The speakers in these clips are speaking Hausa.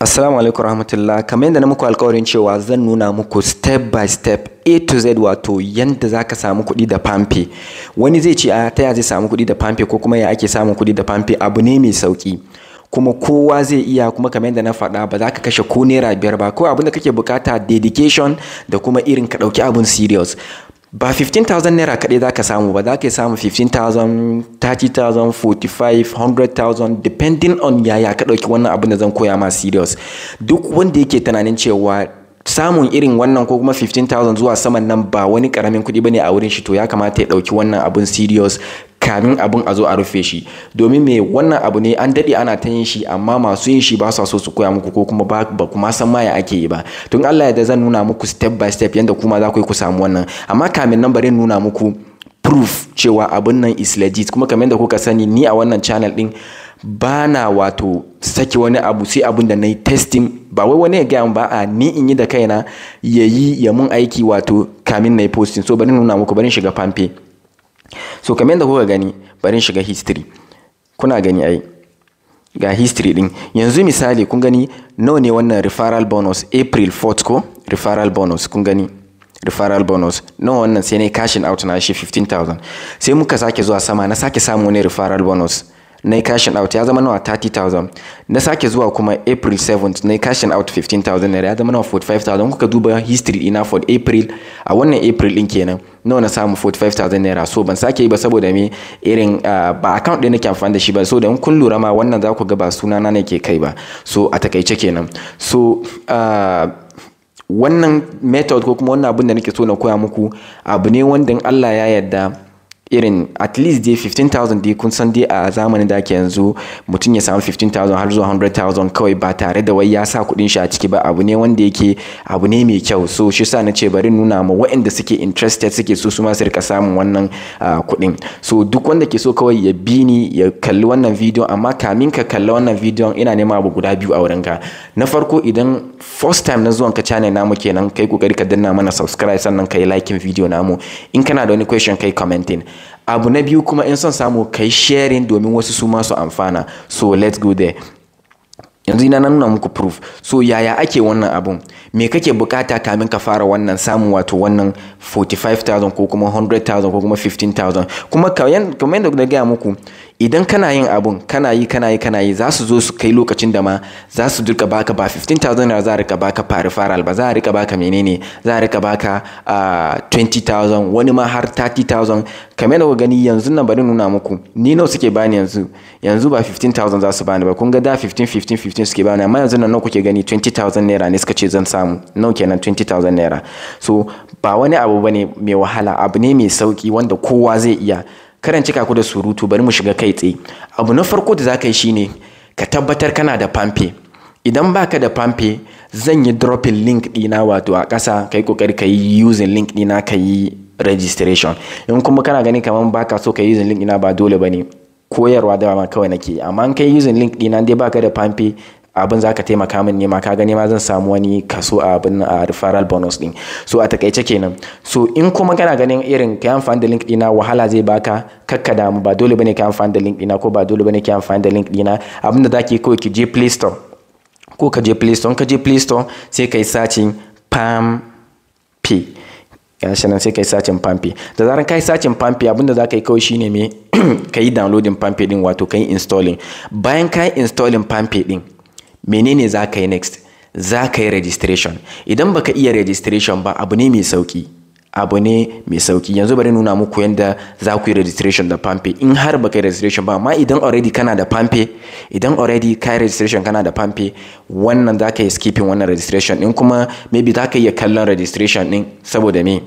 Assalamu alaikum rahmatullah kamar yadda na muku alkawarin cewa zan nuna muku step by step A to Z wato yadda za ka samu kuɗi da pampe wani zai ce a ta zai samu kuɗi da pampe ko kuma ya ake samun kuɗi da pampe abu ne mai sauki kuma kowa zai iya kuma kamar yadda na faɗa ba za ka kashe ko naira biyar ba ko abin da kake bukata dedication da kuma irin ka ɗauki abun serious ba 15,000 naira kaɗai za ka samu ba za ka samu 15,000 30,000 45 100,000 depending on yaya ka ɗauki wannan abin da zan koya ma serious duk wanda yake tunanin cewa samun irin wannan ko kuma 15,000 zuwa saman nan ba wani karamin kuɗi ne a wurin shi to ya kamata ya ɗauki wannan abun serious kamin abin a zo a rufe shi domin me wannan abu ne an dade ana ta yin shi amma masu yin shi ba su so su koya muku ko kuma ba kuma san ma ya ake yi ba tun Allah ya da zan nuna muku step by step yanda kuma za ku yi ku samu wannan amma kamin nan bari nuna muku proof cewa abin nan is legit kuma kamar yadda kuka sani ni a wannan channel din ba na wato saki wani abu sai abin da na yi testing ba wai wani ya gaya ba a ni in yi da kaina ya yi ya mun aiki wato kamin na yi posting so bari nuna muku bari shiga fanfe so kamar yadda kuka gani bari shiga history kuna gani ai ga history din yanzu misali kun gani nawa ne wannan referral bonus april 4 ko referral bonus kun gani referral bonus nawa no wannan sai na cashing out na shi 15000 sai muka sake zuwa sama na sake samu ne referral bonus na yi cashin out ya zama nawa 30,000 na sake zuwa kuma april 7th na yi cashin out 15,000 naira ya zama nawa 45,000 kuka duba history ina for april a wannan april din kenan nawa na samu 45,000 naira so ban sake yi ba saboda me irin ah, ba account ɗin nake amfani da shi ba so da in kun lura ma wannan za ku ga ba suna na ne ke kai ba so a takaice kenan so ah, wannan method ko kuma wannan abin da nake so na koya muku abu ne wanda in Allah ya yarda irin at least dai 15,000 dai kun san dai a zamanin da ake yanzu mutum ya samu 15,000 har zuwa 100,000 kawai ba tare da wai ya sa kudin shi a ciki ba abu ne wanda yake abu ne mai kyau so shi sa na ce bari nuna ma waɗanda suke interested suke so su ma su rika samun wannan kudin so duk wanda ke so kawai ya bi ni ya kalli wannan bidiyon amma kamin ka kalli wannan bidiyon ina nema abu guda biyu a wurin ka na farko idan first time na zuwan ka channel namu kenan kai kokari ka danna mana subscribe sannan kai liking video namu in kana da wani question kai commenting abu na biyu kuma in son samu kai sharing domin wasu su masu amfana so let's go there yanzu ina nuna muku proof so yaya ake wannan abun me kake bukata kamin ka fara wannan samun wato wannan 45,000 ko kuma 100,000 ko kuma 15,000 kuma kamar yadda na gaya muku idan kana yin abun kana yi kana yi kana yi za su zo su kai lokacin da ma za su duka baka ba 15,000 na za a rika baka fari fara ba za a rika baka menene za a rika baka 20,000 ah, wani ma har 30,000 kamar da gani yanzu nan bari nuna muku ni nawa suke bani yanzu yanzu ba 15,000 za su bani ba kun ga da 15 15 15 suke bani amma yanzu nan nawa kuke gani 20,000 naira ne suka ce zan samu nawa kenan 20,000 naira so ba wani abu bane mai wahala abu ne mai sauki wanda kowa zai iya karan cika ku da surutu bari mu shiga kai tsaye abu na farko da za ka yi shine ka tabbatar kana da pampe idan baka da pampe zan yi dropping link dina wato a ƙasa kai kokari ka yi using link dina ka yi registration in kuma kana gani kaman baka so ka yi using link dina ba dole bane koyarwa da ma kawai nake amma in kai using link dina dai baka da pampe abin za ka taimaka min nema ka gani ma zan samu wani kaso a abin a referral bonus din so a takaice kenan so in kuma kana ganin irin ka amfani da link dina wahala zai baka kakka mu ba dole bane ka amfani da link dina ko ba dole bane ka amfani da link dina abinda da zaki ko ki je play store ko ka je play store ka je play store sai kai searching pam pay gashi nan sai kai sacin pampi da zaran kai sacin pampi abinda za ka yi kawai shine me ka yi downloading pampi din wato ka yi installing bayan ka yi installing pampi din menene za ka yi next za ka yi registration idan baka iya registration ba abu ne mai sauki abu ne mai sauki yanzu bari nuna muku yadda za ku yi registration da pampe in har baka yi registration ba amma idan already kana da pampe idan already ka yi registration kana da pampe wannan za ka yi skipping wannan registration din kuma maybe za ka iya kallon registration din saboda me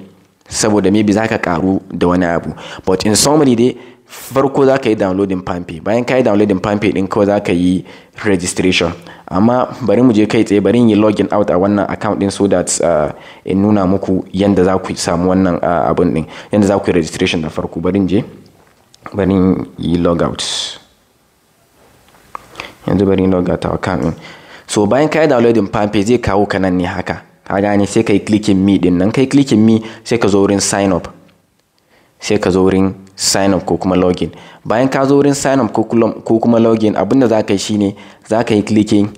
saboda maybe za ka karu da wani abu but in summary dai farko za ka yi downloadin pampi bayan ka yi downloadin pampi din kawai za ka yi registration amma bari mu je kai tsaye bari yi login out a wannan account din so that ah, in nuna muku yanda za ku samu wannan ah, abun din yanda za ku yi registration da farko bari je bari yi log out yanzu bari log out a account din so bayan ka yi downloadin pampi zai kawo ka nan ne haka ka gane sai ka yi clicking me din nan kai clicking me sai ka zo wurin sign up sai ka zo wurin sign up ko kuma login bayan ka zo wurin sign up ko kuma login abinda za ka yi shine za ka yi clicking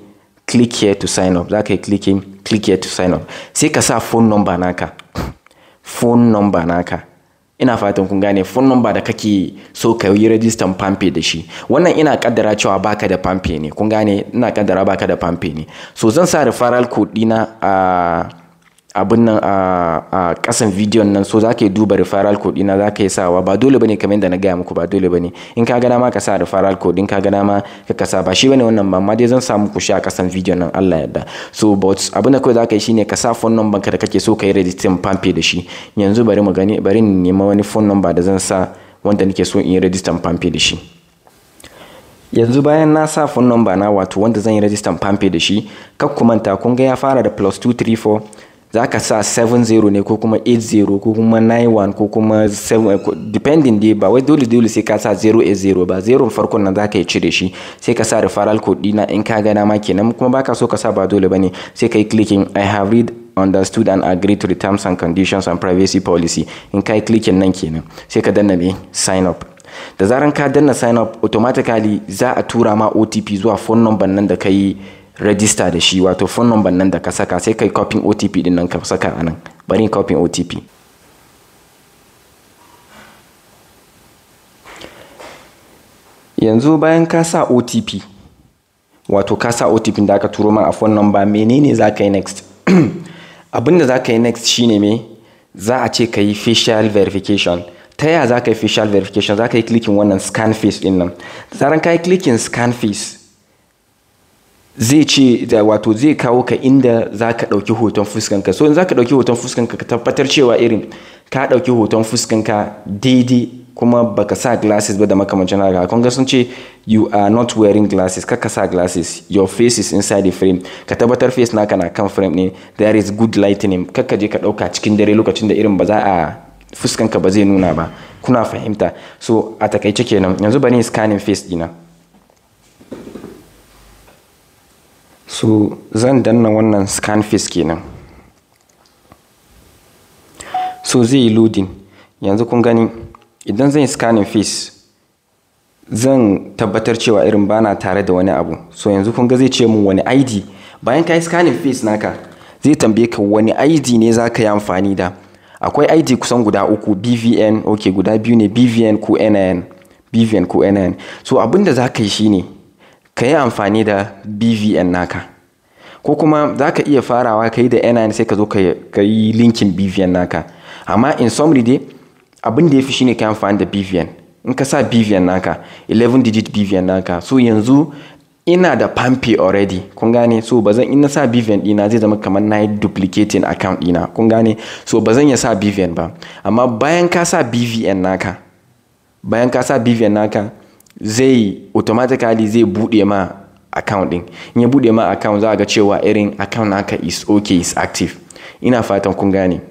click here to sign up za ka yi clicking click here to sign up sai ka sa phone number naka phone number naka ina fatan kun gane phone number da kake so ka yi register pampe da shi wannan ina kaddara cewa baka da pampe ne kun gane ina kaddara baka da pampe ne so zan sa referral code dina a uh, abin nan a kasan bidiyon nan so yi duba referral code ina ka yi sawa ba dole bane kamar yadda na gaya muku ba dole bane in ka gana ma ka sa referral code in ka gana ma ka kasa ba shi bane wannan ba amma dai zan sa ku sha a kasan bidiyon nan Allah yadda so but abin da kawai ka yi shine ka sa phone number ka da kake so ka yi registering pampe da shi yanzu bari mu gani bari in nema wani phone number da zan sa wanda nake so in yi registering pampe da shi yanzu bayan na sa phone number na wato wanda zan yi registering pampe da shi kakku manta kun ga ya fara da plus 234 za ka sa 7-0 ne ko kuma 8-0 ko kuma 9-1 ko kuma 7 depending dai ba wai dole dole sai ka sa 0-0 ba 0 farkon nan za ka yi cire shi sai ka sa referral code dina in ka gana ma kenan kuma baka so ka sa ba dole bane sai ka yi clicking i have read understood and agreed to the terms and conditions and privacy policy in ka yi clicking nan kenan sai ka danna me sign up da zaran ka danna sign up automatically za a tura ma OTP zuwa phone number nan da ka yi register da shi wato phone number nan da ka saka sai kai copying OTP din nan ka saka a nan bari copying OTP yanzu bayan ka sa OTP wato ka sa OTP da aka turo ma a phone number menene za ka yi next abinda za ka yi next shine me za a ce ka yi facial verification ta yaya za ka yi facial verification za ka yi clicking wannan scan face din nan zaran ka yi clicking scan face zai ce da wato zai kawo ka inda za ka ɗauki hoton fuskanka so in za ka ɗauki hoton fuskanka ka tabbatar cewa irin ka ɗauki hoton fuskanka daidai kuma baka sa glasses ba da makamancin haka kun ga sun ce you are not wearing glasses ka sa glasses your face is inside the frame ka tabbatar face naka na kan frame ne there is good lightning kakka je ka ɗauka cikin dare lokacin da irin ba za a fuskanka ba zai nuna ba kuna fahimta so a takaice kenan yanzu bari scanning face dina so zan danna wannan scan face kenan so zai yi loading yanzu kun gani idan zan yi scanning face zan tabbatar cewa irin bana tare da wani abu so yanzu kun ga zai ce min wani id bayan ka yi scanning face naka zai tambaye ka wani id ne za ka yi amfani da akwai id kusan guda uku bvn ok guda biyu ne bvn ko nin bvn ko nin so abinda da za ka yi shine ka yi amfani da bvn naka ko kuma za ka iya farawa ka yi da NIN sai ka zo ka yi linkin bvn naka amma in summary dai abin da ya fi shine ka yi amfani da bvn in ka sa bvn naka 11 digit bvn naka so yanzu ina da pampi already kun gane so ba zan ina sa bvn dina zai zama kamar na yi duplicating account dina kun gane so ba zan ya sa bvn ba amma bayan ka sa bvn naka bayan ka sa bvn naka zai automatically zai buɗe ma account din in ya buɗe ma account za ga cewa irin account naka is okay is active ina fatan kun gane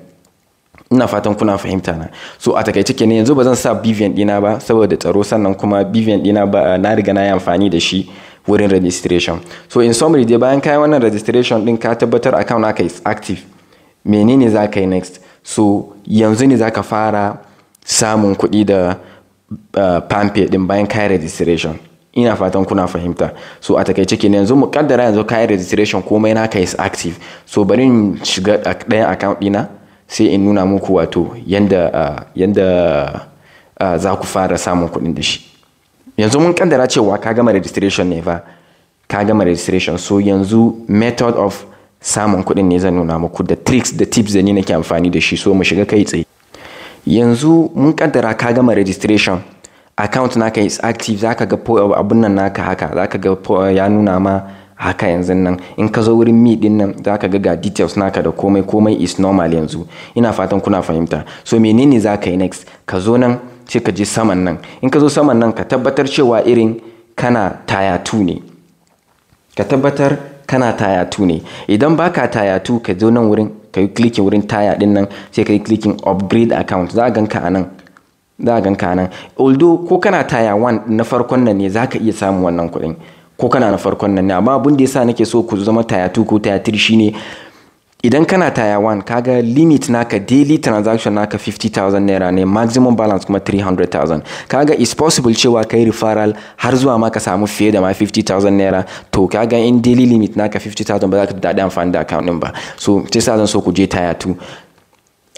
ina fatan kuna fahimta na so a takaice kenan yanzu ba zan sa BVN dina ba saboda tsaro sannan kuma BVN dina ba na riga na yi amfani da shi wurin registration so in summary dai bayan kai wannan registration din ka tabbatar account naka is active menene za ka yi next so yanzu ne za ka fara samun kuɗi da Uh, pamphlet din bayan kayan registration ina fatan kuna fahimta so a takaice kenan yanzu mu kaddara yanzu kayan registration komai naka is active so bari in shiga ɗayan account ɗina sai in nuna muku wato yanda uh, yanda uh, za ku fara samun kuɗin da shi yanzu mun kaddara cewa ka gama registration ne fa ka gama registration so yanzu method of samun kuɗin ne zan nuna muku da tricks da tips da ni nake amfani da shi so mu shiga kai tsaye yanzu mun kaddara ka gama registration account naka is active zaka ga abun nan naka haka zaka ga ya nuna ma haka yanzu nan in ka zo wurin mi din nan zaka ga ga details naka da komai komai is normal yanzu ina fatan kuna fahimta so menene zaka yi next ka zo nan sai ka je saman nan in ka zo saman nan ka tabbatar cewa irin kana tayatu ne ka tabbatar kana tayatu ne idan baka tayatu ka zo nan wurin ka yi kliki wurin taya din nan sai ka yi klikin upgrade account za a ganka ka nan za a nan although ko kana taya one na farkon nan ne za ka iya samun wannan kuɗin ko kana na farkon nan ne amma abin da yasa nake so ku zama taya 2 ko taya 3 shine idan kana taya taiwan kaga limit naka daily transaction naka 50,000 naira ne maximum balance kuma 300,000 kaga is possible cewa kai referral har zuwa ma ka samu fiye da ma 50,000 naira to kaga in daily limit naka 50,000 ba za ka daɗe amfani da account ba so ta sa zan so ku je taya tayatu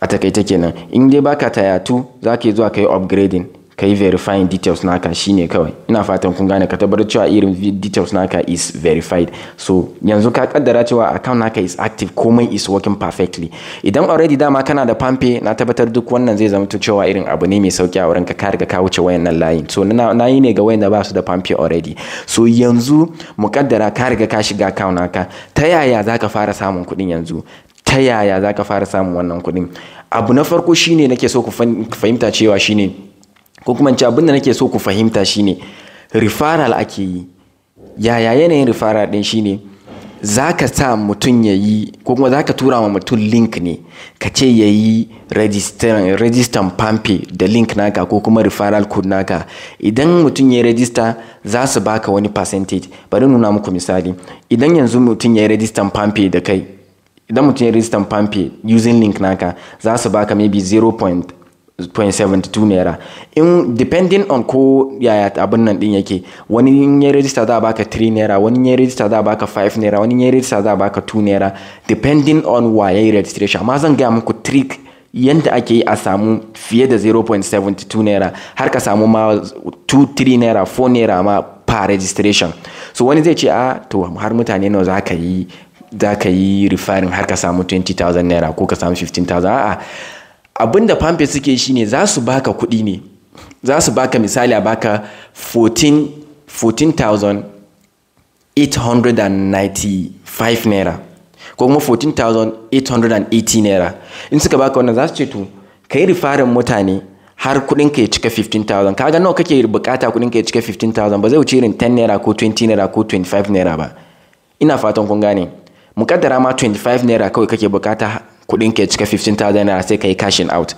a takaita kenan in dai baka taya tayatu za ka yi zuwa ka yi upgrading ka yi verifying details naka shine kawai ina fatan kun gane ka tabbatar cewa irin details naka is verified so yanzu ka kaddara cewa account naka is active komai is working perfectly idan already dama kana da pampe na tabbatar duk wannan zai zama cewa irin abu ne mai sauki a wurin ka ka riga ka wuce wayannan layin so na yi ne ga wayanda ba su da pampe already so yanzu mu kaddara ka riga ka shiga account naka ta yaya zaka fara samun kuɗin yanzu ta yaya zaka fara samun wannan kuɗin abu na farko shine nake so ku fahimta cewa shine ko kuma ce abin nake so ku fahimta shine referral ake yi yaya yanayin referral din shine za ka sa mutum ya yi ko kuma za ka tura ma mutum link ne ka ce ya yi rajistan pampe da link naka ko kuma referral code naka idan mutum ya yi rajista za su baka wani percentage bari nuna muku misali idan yanzu mutum ya yi rajistan pampe da kai idan mutum ya rajistan pampe using link naka za su baka maybe 0.5 0.72 naira in depending on ko yaya abin nan din yake wani in ya register za a baka 3 naira wani ya register za a baka 5 naira wani ya register za a baka 2 naira depending on waye ya registration amma zan gaya muku trick yanda ake yi a samu fiye da 0.72 naira har ka samu ma 2 3 naira 4 naira ma per registration so wani zai ce a ah, to har mutane nawa za ka yi za ka yi referring har ka samu 20,000 naira ko ka samu 15,000 a'a abin da pampe suke shi ne za su baka kuɗi ne za su baka misali a baka 14,895 naira ko kuma 14,880 naira in suka baka wannan za su ce to ka yi rifarin mutane har kudin ka ya cika 15,000 kaga nawa kake bukata kudin ka ya cika 15,000 ba zai wuce irin 10 naira ko 20 naira ko 25 naira ba ina fatan kun gane mukaddara ma 25 naira kawai kake bukata kuɗin ka cika 15,000 naira sai ka yi cashing out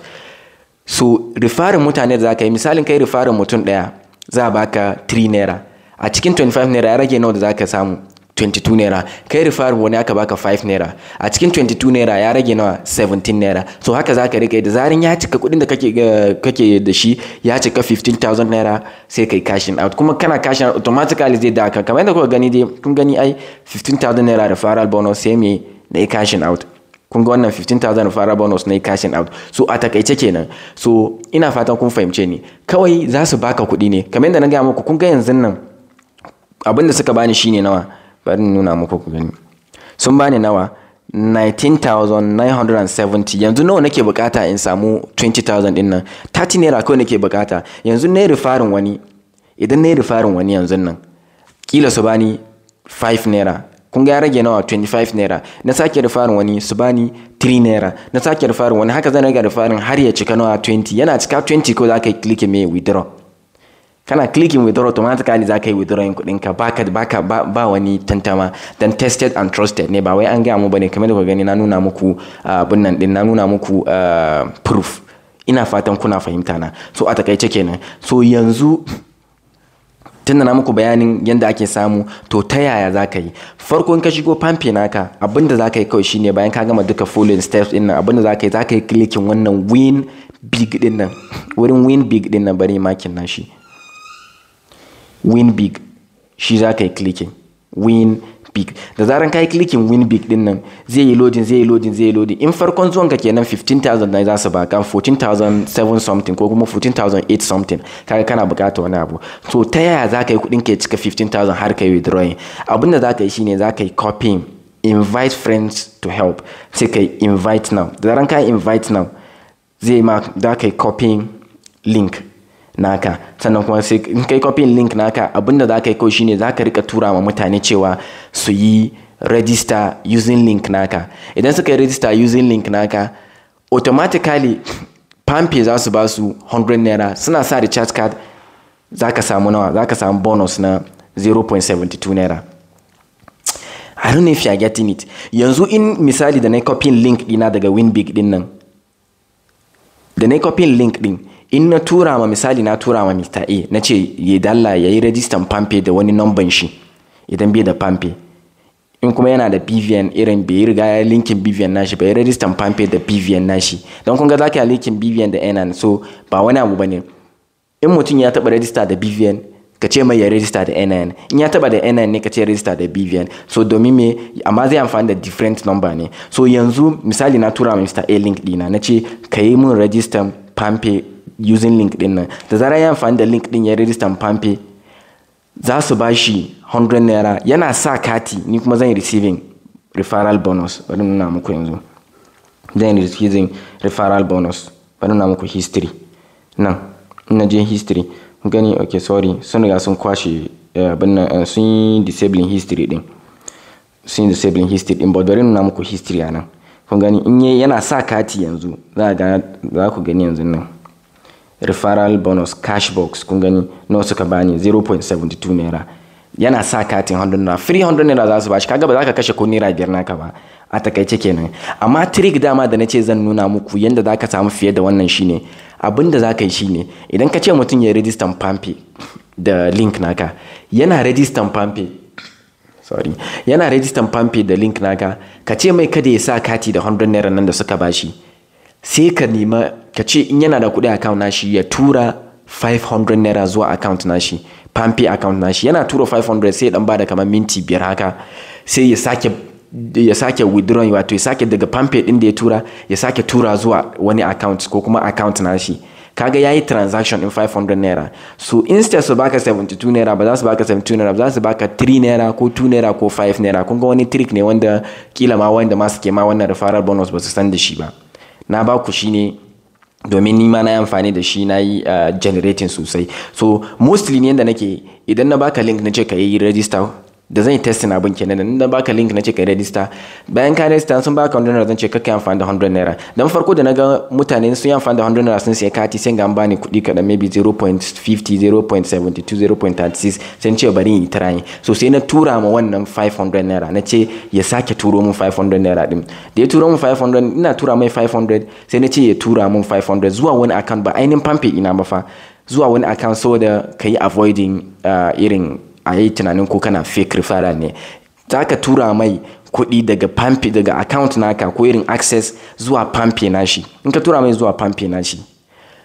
so rifarin mutane da za ka yi misalin kai rifarin mutum ɗaya za a baka 3 naira a cikin 25 naira ya rage nawa da za ka samu 22 naira kai rifar wani aka baka 5 naira a cikin 22 naira ya rage nawa 17 naira so haka za ka yi da zarin ya cika kudin da kake eh, kake da shi ya cika 15000 naira sai kai cashin out kuma kana cashin out automatically zai da kamar yadda kuka gani dai kun gani ai 15000 naira referral bonus sai me da cashin out kun ga wannan 15,000 fara bonus na cashing out so a takaice kenan so ina fatan kun fahimce ni kawai za su baka kuɗi ne kamar yadda na gaya muku kun ga yanzu nan abin da suka bani shine nawa bari in nuna muku ku gani sun bani nawa 19,970 yanzu nawa nake bukata in samu 20,000 din nan 30 naira kawai nake bukata yanzu na yi rifarin wani idan na yi rifarin wani yanzu nan kila su bani 5 naira kun ga rage nawa 25 naira na sake farin wani su bani 3 naira na sake farin wani haka zan rage farin har ya cika nawa 20 yana cika 20 ko za ka yi click me withdraw kana clicking withdraw automatically za ka yi kudin ka baka baka ba, ba wani tantama dan tested and trusted ne ba wai an gaya mu bane kamar da ku gani na nuna muku ah, abin nan din na nuna muku ah, proof ina fatan kuna fahimta na so a takaice kenan so yanzu tunda na muku bayanin yadda ake samu to ta yaya za ka yi farko in ka shigo pampe naka abinda za ka yi kawai shine bayan ka gama duka following steps din nan abinda za ka yi za ka yi clicking wannan win big din nan wurin win big din nan bari makin nashi win big shi za ka yi clicking win big da zaran kai clicking win big din nan zai yi loading zai yi loading zai yi loading in farkon zuwan ka kenan 15000 na za su baka 14000 something ko kuma 14000 something kaga kana bukata wani abu so ta yaya za ka yi kudin ka cika 15000 har ka yi withdrawing abinda za ka yi shine za ka yi copying invite friends to help sai ka invite now da zaran ka invite now zai ma za ka yi copying link naka sannan kuma sai in kai copying link naka abinda za ka yi kawai shine za ka rika tura ma mutane cewa su yi register using link naka idan suka yi register using link naka automatically pampe za su ba su 100 naira suna sa recharge card za ka samu nawa za ka samu bonus na 0.72 naira I don't know if you are getting it. Yanzu in misali da na copying link dina daga Winbig din nan. Da na copying link din in na tura ma misali na tura ma Mr. A na ce ya dalla ya yi rajistan pampe da wani numban shi idan bai da pampe in kuma yana da BVN irin bai riga ya linkin BVN nashi bai rajistan pampe da BVN nashi don kun ga za ka linkin BVN da NN so ba wani abu bane in mutum ya taba rajista da BVN ka ce mai ya rajista da NN in ya taba da NN ne ka ce rajista da BVN so domin me amma zai amfani da different number ne so yanzu misali na tura ma Mr. A link dina na ce ka yi min rajistan pampe using link din nan da zara ya amfani da link din ya register pampe za su ba shi 100 naira yana sa kati ni kuma zan receiving referral bonus bari nuna muku yanzu zan receiving referral bonus bari nuna muku history nan ina je history gani ok sorry sun riga sun kwashe eh, abin eh, sun yi disabling history din sun yi disabling history din ba bari nuna muku history a nan kun gani in yana sa kati yanzu za ku gani yanzu nan referral bonus cash box kun gani nawa suka bani 0.72 naira yana sa katin 100 naira 300 naira za su bashi kaga ba za ka kashe ko naira biyar naka ba a takaice kenan amma trick dama da na ce zan nuna muku yadda za ka samu fiye da wannan shine abin da za ka yi shine idan ka ce mutum ya rijistan pampe da link naka yana rijistan pampe sorry yana rijistan pampe da link naka ka ce mai kada ya sa kati da 100 naira nan da suka bashi sai ka nema ka ce in yana da kuɗi account nashi ya tura 500 naira zuwa account nashi pampi account nashi yana tura 500 sai dan bada kamar minti biyar haka sai ya sake ya sake withdrawing wato ya sake daga pampi din da ya tura ya sake tura zuwa wani account ko kuma account nashi kaga yayi transaction in 500 naira so instead su baka 72 naira ba za su baka 72 naira ba za su baka 3 naira ko 2 naira ko 5 naira kun ga wani trick ne wanda kila ma wanda ma suke ma wannan referral bonus ba su san da shi ba na baku shine domin nima na amfani da shi na yi ah, generating sosai so mostly ne yadda nake idan na baka link na ce ka yi register da zan yi testing abin kenan da baka link na ce ka register bayan ka register sun baka 100 naira zan ce kakka amfani da 100 naira dan farko da na ga mutane sun yi amfani da 100 naira sun sai kati sai ga an bani kuɗi kaɗan maybe 0.50 0.72 0.36 sai ce bari yi try so sai na tura ma wannan 500 naira na ce ya sake turo min 500 naira din da ya turo mun 500 ina tura mai 500 sai na ce ya tura mun 500 zuwa wani account ba ainihin pampe ina ba fa zuwa wani account so ka yi avoiding ah, irin a yi tunanin ko kana fake referral ne za ka tura mai kuɗi daga pampi daga account naka ko irin access zuwa pampi nashi in ka tura mai zuwa pampi nashi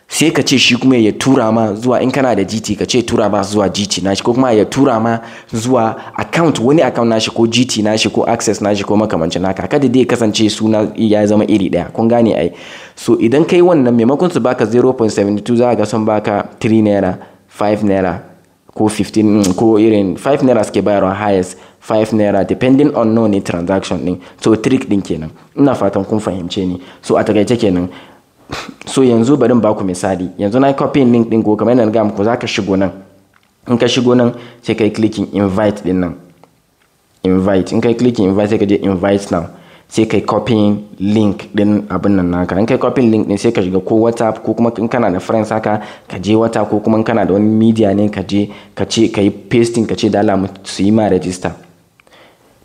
sai ka ce shi kuma ya tura ma zuwa in kana da GT ka ce tura ma zuwa GT nashi ko kuma ya tura ma zuwa account wani account nashi ko GT nashi ko access nashi ko makamancin naka kada dai kasance suna ya zama iri daya kun gane ai so idan kai wannan maimakon su baka 0.72 za ka ga sun baka 3 naira 5 naira ko 15 ko irin 5 naira suke bayarwa highest 5 naira depending on no ne transaction din so trick din kenan ina fatan kun fahimce ni so a takaice kenan so yanzu bari baku misali yanzu na copy link din ko kamar yadda ga muku zaka shigo nan in ka shigo nan sai kai clicking invite din nan invite in kai clicking invite sai ka je invite now sai kai copying link din abin nan naka in kai copying link din sai ka shiga ko whatsapp ko kuma in kana da friends haka ka je wata ko kuma in kana da wani media ne ka je ka ce ka yi pasting ka ce da alamu su yi ma register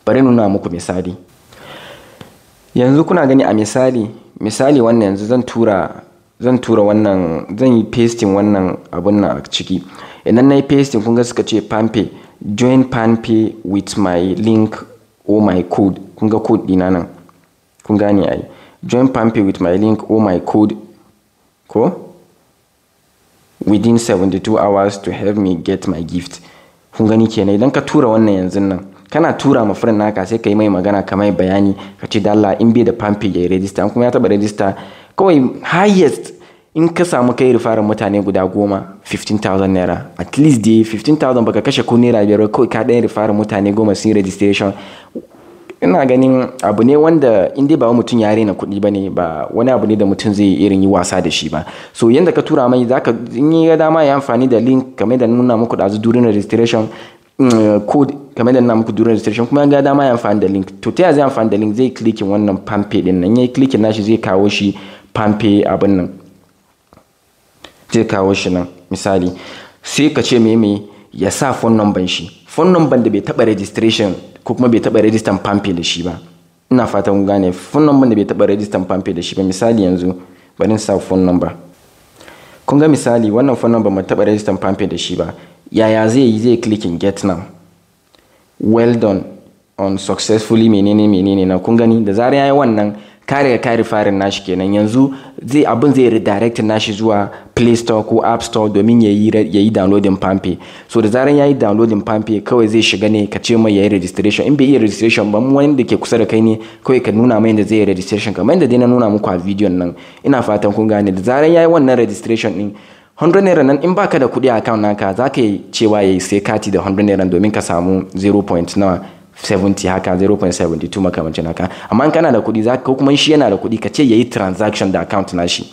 bari nuna muku misali yanzu kuna gani a misali misali wannan yanzu zan tura zan tura wannan zan yi pasting wannan abun nan a ciki idan na yi pasting kun ga suka ce panpay join panpay with my link oh my code kun ga code dina nan kun gane ai join pampi with my link oh my code ko within 72 hours to help me get my gift kun gani kenan idan ka tura wannan yanzu nan kana tura ma friend naka sai ka yi mai magana ka mai bayani ka ce dalla in bai da pampi ya register kuma ya taba register kawai highest in ka samu kai rufarin mutane guda goma 15,000 naira at least dai 15,000 baka kashe ko naira biyar kawai ka ɗaya rufarin mutane goma sun registration ina ganin abu ne wanda in ba mutum ya rena kuɗi ba ne ba wani abu ne da mutum zai irin yi wasa da shi ba so yadda ka tura mai zaka in yi ga dama ya amfani da link kamar da nuna muku da durin registration mm, code kamar da nuna muku durin registration kuma ga dama ya amfani da link to ta zai amfani da link zai klikin wannan pampe din nan yayi klikin nashi zai kawo shi pampe abin nan zai kawo shi nan misali sai ka ce me me ya sa phone number shi phone number da bai taba registration ko kuma bai taba register pamphlet da shi ba ina fatan kun gane phone number da bai taba register pamphlet da shi ba misali yanzu bari sa phone number kun ga misali wannan phone number ba taba register pamphlet da shi ba yaya zai yi zai clicking get now well done on successfully menene menene na kun gani da zarar yayi wannan kare kare farin nashi kenan yanzu zai abin zai redirect nashi zuwa play store ko app store domin ya yi ya yi downloading pampe so da zaran ya yi downloading pampe kawai zai shiga ne ka ce mai ya yi registration in bai yi registration ba wani da ke kusa da kai ne kawai ka nuna mai da zai yi registration kamar yadda dai na nuna muku a bidiyon nan ina fatan kun gane da zaran ya yi wannan registration din 100 naira nan in baka da kuɗi a account naka zaka yi cewa ya yi sai kati da 100 naira domin ka samu 0. nawa 70 haka 0.72 makamancin haka amma in kana da kuɗi za ka kuma shi yana da kuɗi ka ce yayi transaction da account nashi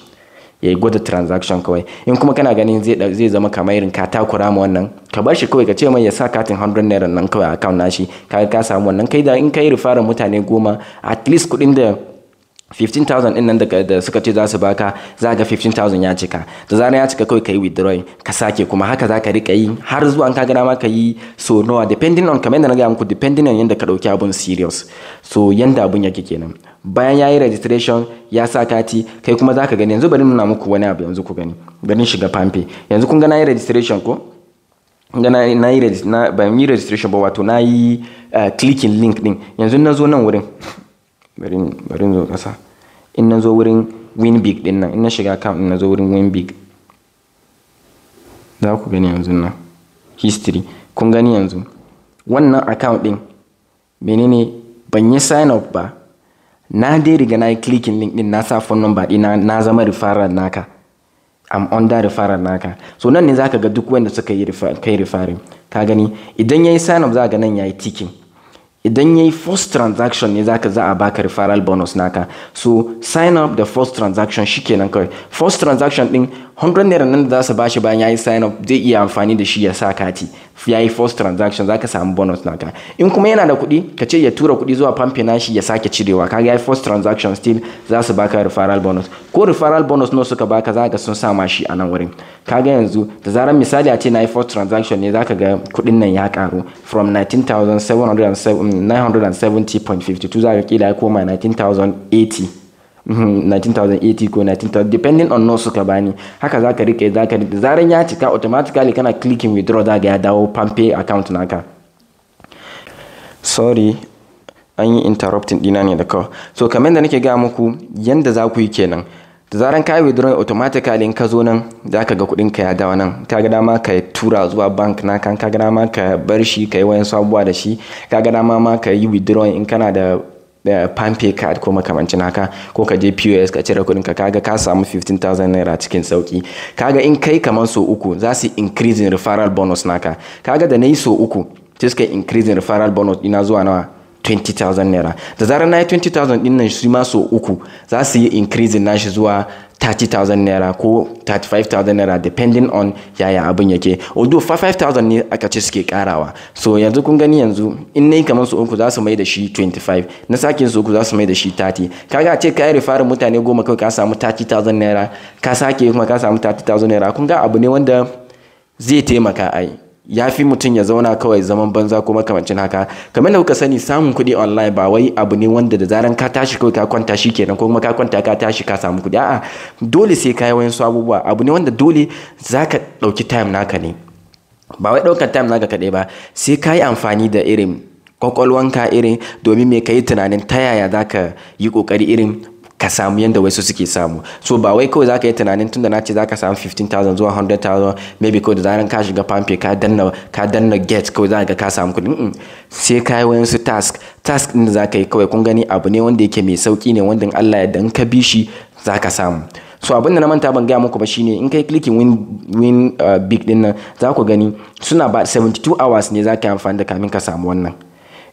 ya yi gwada transaction kawai in kuma kana ganin zai zama kamar irin ka takura ma wannan ka bar shi kawai ka ce mai ya sa katin 100 naira nan kawai account nashi ka ka samu wannan kai da in kai rifarar mutane goma at least kuɗin da 15,000 din nan da suka ce za su baka za ga 15,000 ya cika da zarar ya cika kawai ka yi withdrawing ka sake kuma haka za ka rika yi har zuwa ka gana ma ka yi so nowa depending on kamar yadda na gaya muku depending on yadda ka ɗauki abun serious so yadda abun yake kenan bayan ya yi registration ya sa kati kai kuma za ka gani yanzu bari nuna muku wani abu yanzu ku gani bari shiga pampe yanzu kun ga na yi registration ko gana na yi registration ba wato na yi eh, clicking link din yanzu na zo nan wurin bari zo kasa in na zo wurin winbig din nan in na shiga account na zo wurin big za ku gani yanzu nan history kun gani yanzu wannan account din menene ban yi sign up ba na dai riga na yi clicking link din na sa phone number din na zama referral naka am under referral naka so nan ne zaka ga duk wanda suka yi kai referral ka gani idan yayi sign up za ga nan yayi ticking idan yayi first transaction ne zaka za a baka referral bonus naka so sign up the first transaction kenan kawai first transaction din 100 naira nan da za su ba shi bayan ya yi sign up zai iya amfani da shi ya sa kati yi first transaction zaka samu bonus naka in kuma yana da kuɗi ka ce ya tura kuɗi zuwa pampe shi ya sake cirewa kaga yayi first transaction still za su baka referral bonus ko referral bonus no suka baka za ka sun sama shi a nan wurin kaga yanzu da zarar misali a ce yi first transaction ne zaka ga kuɗin nan ya karu from za ka kila ya koma 19080 1980 mhm, ko 1980 depending on nosu suka bani haka zaka rike zaka rike zaran ya cika automatically kana clicking withdraw zaga ya dawo pampe account naka sorry an yi interrupting dina ne da kawai so kamar da nake ga muku yanda za ku yi kenan da zaran ka yi withdraw automatically in ka zo nan za ka ga kuɗin ka ya dawo nan ka ga dama ka tura zuwa bank na kan ka ga dama ka bar shi ka yi wayan sabuwa da shi ka ga dama ma ka yi withdraw in kana da Eh, panpay card ko makamancin haka ko ka je pos ka cire kuɗin ka kaga ka samu 15000 naira cikin sauki kaga in kai kamar so uku za su increasing referral bonus naka kaga da na yi so uku sai suka increasing referral bonus ina zuwa nawa 20,000 naira da zarar na yi 20,000 din nan shi maso uku za su yi increasing nashi zuwa 30,000 naira ko 35,000 naira depending on yaya abin yake although 5,000 ne aka ce suke karawa so yanzu kun gani yanzu in nayi kamar su uku za su mai da shi 25 na sakin su uku za su mai da shi 30 kaga ce kai rifari mutane goma kawai ka samu 30,000 naira ka sake kuma ka samu 30,000 naira kun ga abu ne wanda zai taimaka ai ya fi mutum ya zauna kawai zaman banza ko makamancin haka kamar da kuka sani samun kuɗi online ba wai abu ne wanda da zaran ka tashi kawai ka kwanta shi kenan ko kuma ka kwanta ka tashi ka samu kuɗi a'a dole sai ka yi wayansu abubuwa abu ne wanda dole za ka ɗauki time naka ne ba wai ɗaukar time naka kaɗai ba sai ka yi amfani da irin kwakwalwanka irin domin me ka yi tunanin ta yaya za ka yi ƙoƙari irin ka samu yadda wasu suke samu so ba wai kawai zaka yi tunanin tunda na ce zaka samu 15000 zuwa 100000 maybe kawai da zaran ka shiga pampe ka danna ka danna gate kawai zaka ka samu kuɗi sai ka yi wayansu task task din da zaka yi kawai kun gani abu ne wanda yake mai sauki ne wanda Allah ya dan ka bi shi zaka samu so abin da na manta ban gaya muku ba shine in kai clicking win win uh, big din nan za ku gani suna ba 72 hours ne zaka yi amfani da kamin ka samu wannan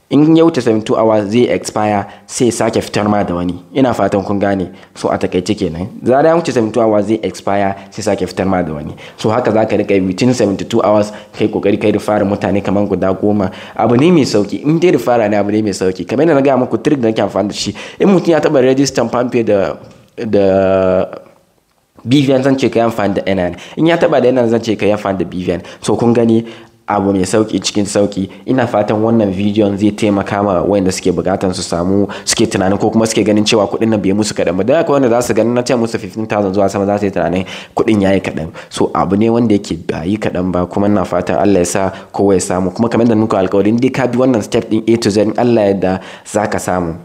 in ya wuce 72 hours zai expire sai sake fitar ma da wani ina fatan kun gane so a takaice kenan zara ya wuce 72 hours zai expire sai sake fitar ma da wani so haka za ka rika within 72 hours kai kokari kai fara mutane kamar guda goma abu ne mai sauki in dai fara ne abu ne mai sauki kamar yadda na gaya muku trick da nake amfani da shi in mutum ya taba register pamphlet da da BVN zan ce ka yi amfani da nn in ya taba da nn zan ce ka yi amfani da BVN so kun gani abu mai sauki cikin sauki ina fatan wannan bidiyon zai taimaka ma wanda suke bukatan su samu suke tunanin ko kuma suke ganin cewa kuɗin nan bai musu kadan ba da haka wanda za su ganin na ce musu 15000 zuwa sama za su yi tunanin kuɗin yayi kadan so abu ne wanda yake bayi kadan kaɗan ba kuma ina fatan Allah ya sa kowa ya samu kuma kamar da muka alƙawarin dai ka bi wannan step din A to Z Allah ya da zaka samu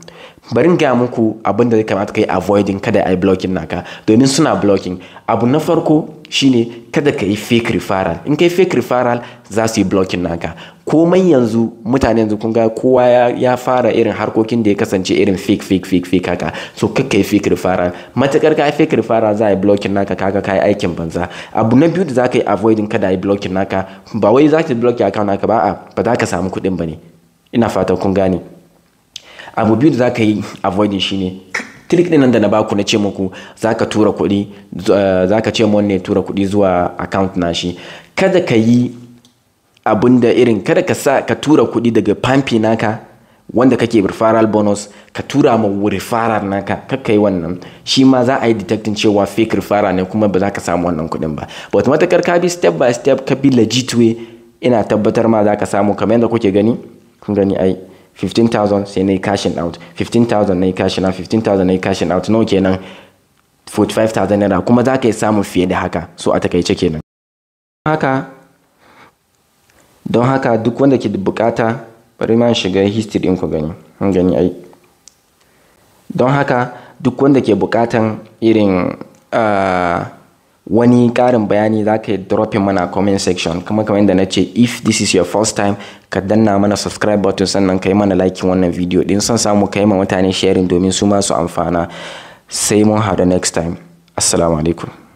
Barin gaya muku abin da zai kamata ka kai avoiding kada ai blocking naka domin suna blocking abu na farko shine kada ka yi fake referral in ka yi fake referral za su yi blocking naka komai yanzu mutane yanzu kun ga kowa ya, fara irin harkokin da ya kasance irin fake fake fake fake haka so ka yi fake referral matakar ka yi fake referral za a yi blocking naka kaga ka yi aikin banza abu na biyu da za ka yi avoiding kada yi blocking naka ba wai za ka yi blocking account naka ba a ba za ka samu kuɗin ba ne ina fata kun gane abu biyu da za ka yi avoiding shine trick din nan da na baku na ce muku za ka tura kuɗi za ka ce mun ne tura kuɗi zuwa account na shi kada ka yi abun da irin kada ka sa ka tura kuɗi daga pampi naka wanda kake referral bonus ka tura ma referral naka ka yi wannan shi ma za a yi detecting cewa fake referral ne kuma ba za ka samu wannan kuɗin ba but matakar ka bi step by step ka bi legit way ina tabbatar ma za ka samu kamar yadda kuke gani kun gani ai 15,000 sai na yi cashing out 15,000 na yi cashing out 15,000 na yi cashing out nawa kenan 45,000 naira kuma za ka yi samun fiye da haka so a takaice kenan haka don haka duk wanda ke da bukata bari ma shiga history in ku gani an gani ai don haka duk wanda ke bukatan irin uh, wani karin bayani za ka yi dropping mana comment section kuma kamar yadda na ce if this is your first time ka danna mana subscribe button sannan ka yi mana like wannan video din son samu ka yi ma mutane sharing domin su masu amfana sai mun haɗu next time assalamu alaikum